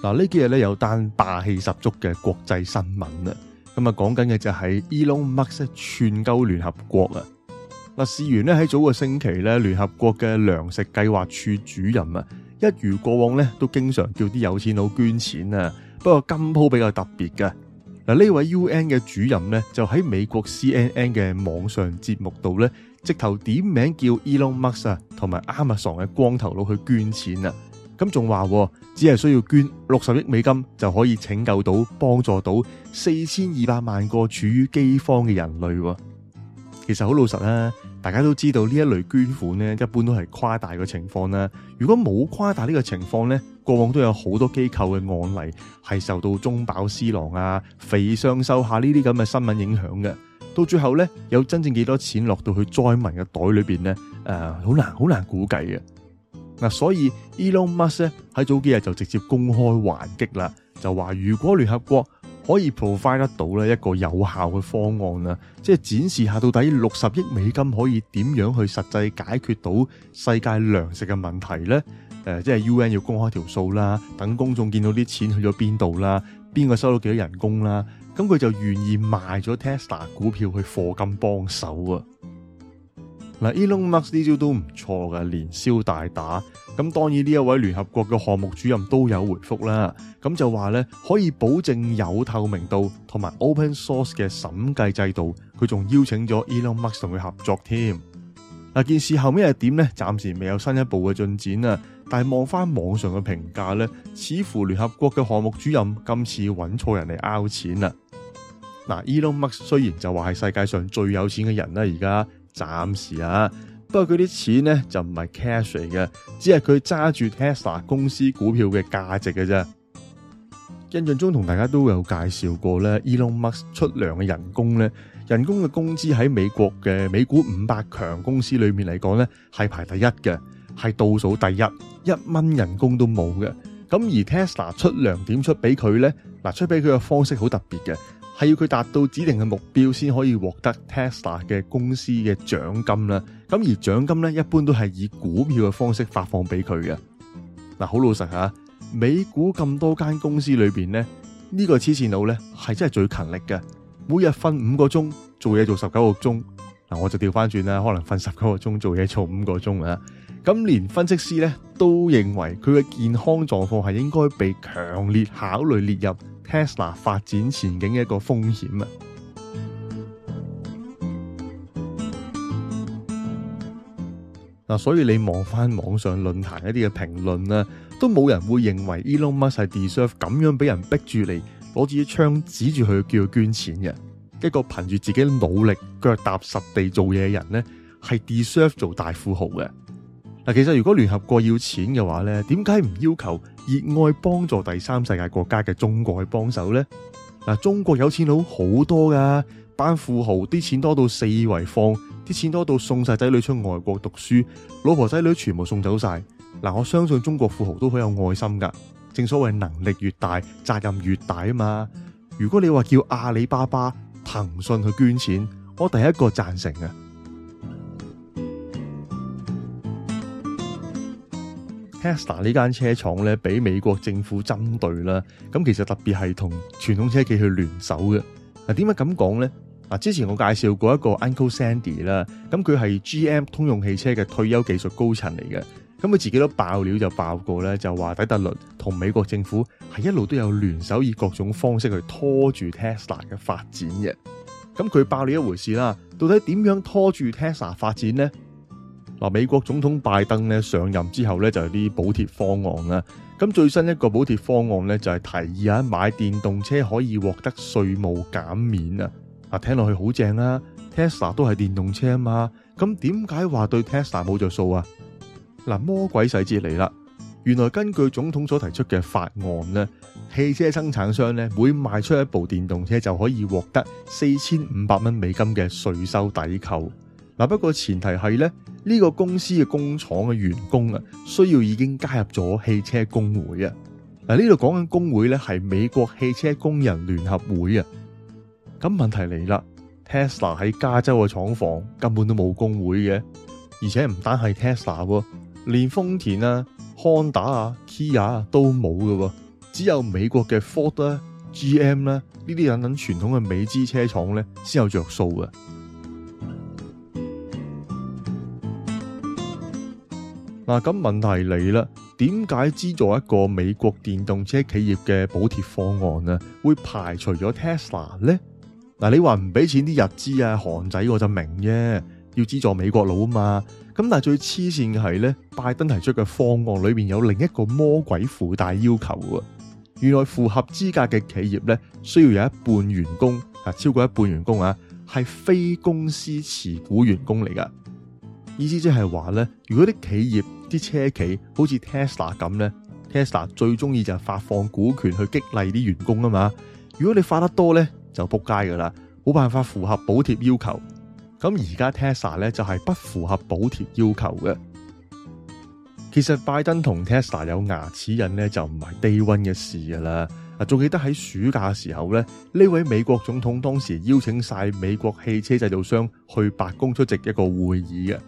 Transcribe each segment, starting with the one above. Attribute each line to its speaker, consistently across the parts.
Speaker 1: 嗱，呢幾日咧有單霸氣十足嘅國際新聞啊！咁啊，講緊嘅就係 Elon Musk 串鳩聯合國啊！嗱，事緣咧喺早個星期咧，聯合國嘅糧食計劃處主任啊，一如過往咧，都經常叫啲有錢佬捐錢啊。不過今鋪比較特別嘅，嗱，呢位 UN 嘅主任咧，就喺美國 CNN 嘅網上節目度咧，直頭點名叫 Elon Musk 啊，同埋 Amazon 嘅光頭佬去捐錢啊！咁仲話，只係需要捐六十億美金就可以拯救到、幫助到四千二百萬個處於饑荒嘅人類。其實好老實啦，大家都知道呢一類捐款呢，一般都係誇大嘅情況啦。如果冇誇大呢個情況呢，過往都有好多機構嘅案例係受到中飽私囊啊、肥上瘦下呢啲咁嘅新聞影響嘅。到最後呢，有真正幾多錢落到去災民嘅袋裏邊呢？誒、呃，好難好難估計嘅。嗱，所以 Elon Musk 喺早幾日就直接公開還擊啦，就話如果聯合國可以 provide 得到咧一個有效嘅方案啊，即係展示下到底六十億美金可以點樣去實際解決到世界糧食嘅問題呢，即係、就是、UN 要公開條數啦，等公眾見到啲錢去咗邊度啦，邊個收到幾多人工啦？咁佢就願意賣咗 Tesla 股票去課金幫手啊！嗱，Elon Musk 呢招都唔錯噶，連消帶打。咁當然呢一位聯合國嘅項目主任都有回覆啦。咁就話呢可以保證有透明度同埋 open source 嘅審計制度。佢仲邀請咗 Elon Musk 同佢合作添。嗱，件事後尾係點呢？暫時未有新一步嘅進展啊。但係望翻網上嘅評價呢，似乎聯合國嘅項目主任今次揾錯人嚟拗錢啦。嗱，Elon Musk 雖然就話係世界上最有錢嘅人啦，而家。暫時啊，不過佢啲錢呢就唔係 cash 嚟嘅，只係佢揸住 Tesla 公司股票嘅價值嘅啫。印象中同大家都有介紹過呢，Elon Musk 出糧嘅人工呢，人工嘅工資喺美國嘅美股五百強公司裏面嚟講呢，係排第一嘅，係倒數第一，一蚊人工都冇嘅。咁而 Tesla 出糧點出俾佢呢，嗱，出俾佢嘅方式好特別嘅。係要佢達到指定嘅目標先可以獲得 Tesla 嘅公司嘅獎金啦。咁而獎金咧，一般都係以股票嘅方式發放俾佢嘅。嗱，好老實吓，美股咁多間公司裏邊咧，呢個黐線佬咧係真係最勤力嘅。每日瞓五個鐘做嘢做十九個鐘，嗱我就調翻轉啦，可能瞓十九個鐘做嘢做五個鐘啦。咁連分析師咧都認為佢嘅健康狀況係應該被強烈考慮列入 Tesla 發展前景嘅一個風險啊！嗱，所以你望翻網上論壇一啲嘅評論咧，都冇人會認為 Elon Musk 係 deserve 咁樣俾人逼住嚟攞住啲槍指住佢，叫佢捐錢嘅。一個憑住自己努力腳踏實地做嘢嘅人咧，係 deserve 做大富豪嘅。嗱，其實如果聯合國要錢嘅話呢，點解唔要求熱愛幫助第三世界國家嘅中國去幫手呢？嗱，中國有錢佬好多噶班富豪啲錢多到四圍放，啲錢多到送晒仔女出外國讀書，老婆仔女全部送走晒。嗱，我相信中國富豪都好有愛心噶，正所謂能力越大，責任越大啊嘛。如果你話叫阿里巴巴、騰訊去捐錢，我第一個贊成啊！Tesla 呢間車廠咧，俾美國政府針對啦。咁其實特別係同傳統車企去聯手嘅。嗱，點解咁講呢？嗱，之前我介紹過一個 Uncle Sandy 啦，咁佢係 GM 通用汽車嘅退休技術高層嚟嘅。咁佢自己都爆料就爆過咧，就話底特律同美國政府係一路都有聯手，以各種方式去拖住 Tesla 嘅發展嘅。咁佢爆料一回事啦，到底點樣拖住 Tesla 發展呢？嗱，美國總統拜登咧上任之後咧就係啲補貼方案啦，咁最新一個補貼方案咧就係提議啊買電動車可以獲得稅務減免啊，啊聽落去好正啦，Tesla 都係電動車啊嘛，咁點解話對 Tesla 冇着數啊？嗱，魔鬼細節嚟啦，原來根據總統所提出嘅法案呢，汽車生產商呢每賣出一部電動車就可以獲得四千五百蚊美金嘅稅收抵扣。嗱，不過前提係咧，呢個公司嘅工廠嘅員工啊，需要已經加入咗汽車工會啊。嗱，呢度講緊工會咧，係美國汽車工人聯合會啊。咁問題嚟啦，Tesla 喺加州嘅廠房根本都冇工會嘅，而且唔單係 Tesla 喎，連豐田啊、Honda 啊、Kia 啊都冇㗎喎，只有美國嘅 Ford 咧、啊、GM 咧呢啲等等傳統嘅美資車廠咧先有着數嘅。嗱，咁問題嚟啦，點解資助一個美國電動車企業嘅補貼方案啊會排除咗 Tesla 呢？嗱，你話唔俾錢啲日資啊、韓仔，我就明啫，要資助美國佬啊嘛。咁但係最黐線嘅係呢，拜登提出嘅方案裏面有另一個魔鬼附帶要求嘅，原來符合資格嘅企業呢，需要有一半員工啊，超過一半員工啊係非公司持股員工嚟噶。意思即係話呢，如果啲企業啲車企好似 Tesla 咁呢 Tesla 最中意就係發放股權去激勵啲員工啊嘛。如果你發得多呢，就仆街噶啦，冇辦法符合補貼要求。咁而家 Tesla 呢，就係不符合補貼要求嘅。其實拜登同 Tesla 有牙齒印呢，就唔係低温嘅事噶啦。啊，仲記得喺暑假時候呢，呢位美國總統當時邀請晒美國汽車製造商去白宮出席一個會議嘅。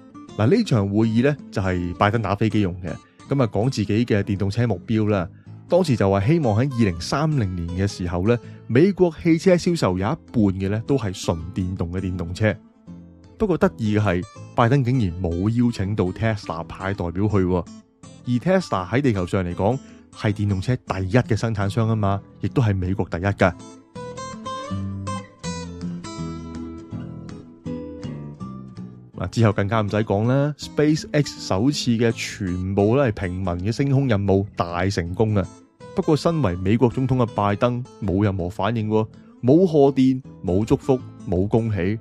Speaker 1: 嗱，呢場會議咧就係拜登打飛機用嘅，咁啊講自己嘅電動車目標啦。當時就話希望喺二零三零年嘅時候咧美國汽車銷售有一半嘅咧都係純電動嘅電動車。不過得意嘅係拜登竟然冇邀請到 Tesla 派代表去，而 Tesla 喺地球上嚟講係電動車第一嘅生產商啊嘛，亦都係美國第一噶。之後更加唔使講啦，SpaceX 首次嘅全部都係平民嘅星空任務大成功啦！不過身為美國總統嘅拜登冇任何反應喎，冇賀電、冇祝福、冇恭喜，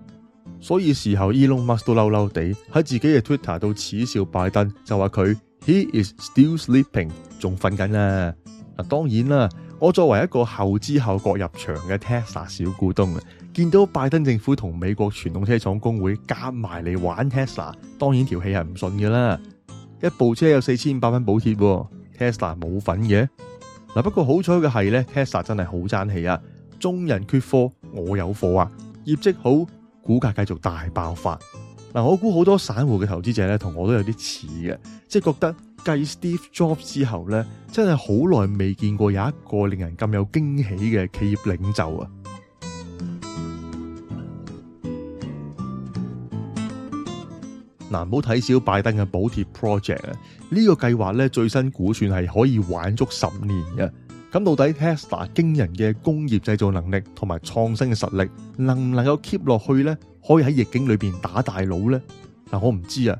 Speaker 1: 所以時候 Elon Musk 都嬲嬲地喺自己嘅 Twitter 度恥笑拜登，就話佢 He is still sleeping，仲瞓緊啦！嗱，當然啦。我作為一個後知後覺入場嘅 Tesla 小股東啊，見到拜登政府同美國傳統車廠工會夾埋嚟玩 Tesla，當然條氣係唔順嘅啦。一部車有四千五百蚊補貼，Tesla 冇份嘅嗱。不過好彩嘅係咧，Tesla 真係好爭氣啊！眾人缺貨，我有貨啊！業績好，股價繼續大爆發嗱。我估好多散戶嘅投資者咧，同我都有啲似嘅，即係覺得。繼 Steve Jobs 之後咧，真係好耐未見過有一個令人咁有驚喜嘅企業領袖啊！嗱，唔好睇小拜登嘅補貼 project 啊，呢個計劃咧最新估算係可以玩足十年嘅。咁到底 Tesla 驚人嘅工業製造能力同埋創新嘅實力，能唔能夠 keep 落去咧？可以喺逆境裏邊打大佬咧？嗱，我唔知啊。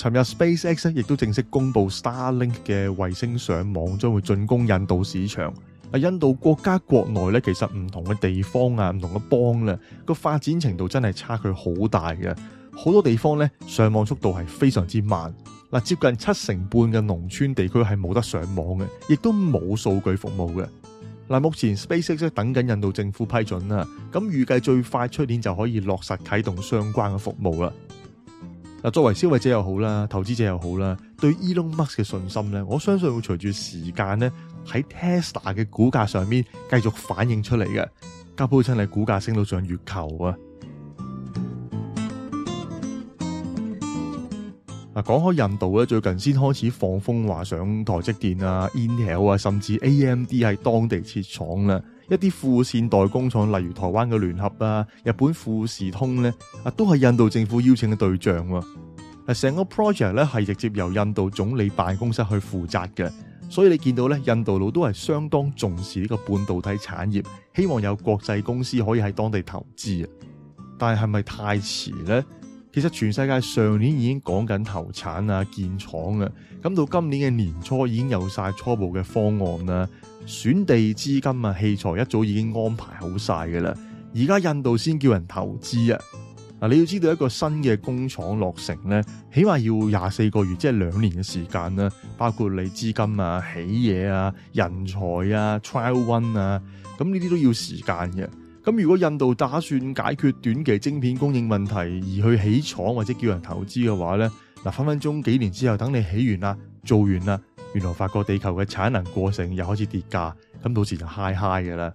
Speaker 1: 尋日 SpaceX 亦都正式公布 Starlink 嘅衛星上網將會進攻印度市場。啊，印度國家國內咧，其實唔同嘅地方啊，唔同嘅邦啦，個發展程度真係差距好大嘅。好多地方咧，上網速度係非常之慢。嗱，接近七成半嘅農村地區係冇得上網嘅，亦都冇數據服務嘅。嗱，目前 SpaceX 等緊印度政府批准啦，咁預計最快出年就可以落實啟動相關嘅服務啦。嗱，作為消費者又好啦，投資者又好啦，對 Elon Musk 嘅信心咧，我相信會隨住時間咧喺 Tesla 嘅股價上面繼續反映出嚟嘅。吉普真係股價升到上月球啊！嗱，講開印度咧，最近先開始放風話上台積電啊、Intel 啊，甚至 AMD 喺當地設廠啦。一啲富線代工廠，例如台灣嘅聯合啊、日本富士通呢，啊都係印度政府邀請嘅對象喎。成個 project 咧，係直接由印度總理辦公室去負責嘅，所以你見到咧，印度佬都係相當重視呢個半導體產業，希望有國際公司可以喺當地投資啊。但係係咪太遲呢？其實全世界上年已經講緊投產啊，建廠啊，咁到今年嘅年初已經有晒初步嘅方案啦，選地、資金啊、器材一早已經安排好晒㗎啦。而家印度先叫人投資啊，嗱你要知道一個新嘅工廠落成呢，起碼要廿四個月，即係兩年嘅時間啦，包括你資金啊、起嘢啊、人才啊、trial run 啊，咁呢啲都要時間嘅。咁如果印度打算解決短期晶片供應問題而去起廠或者叫人投資嘅話呢，嗱分分鐘幾年之後等你起完啦、做完啦，原來發覺地球嘅產能過剩又開始跌價，咁到時就嗨嗨㗎啦。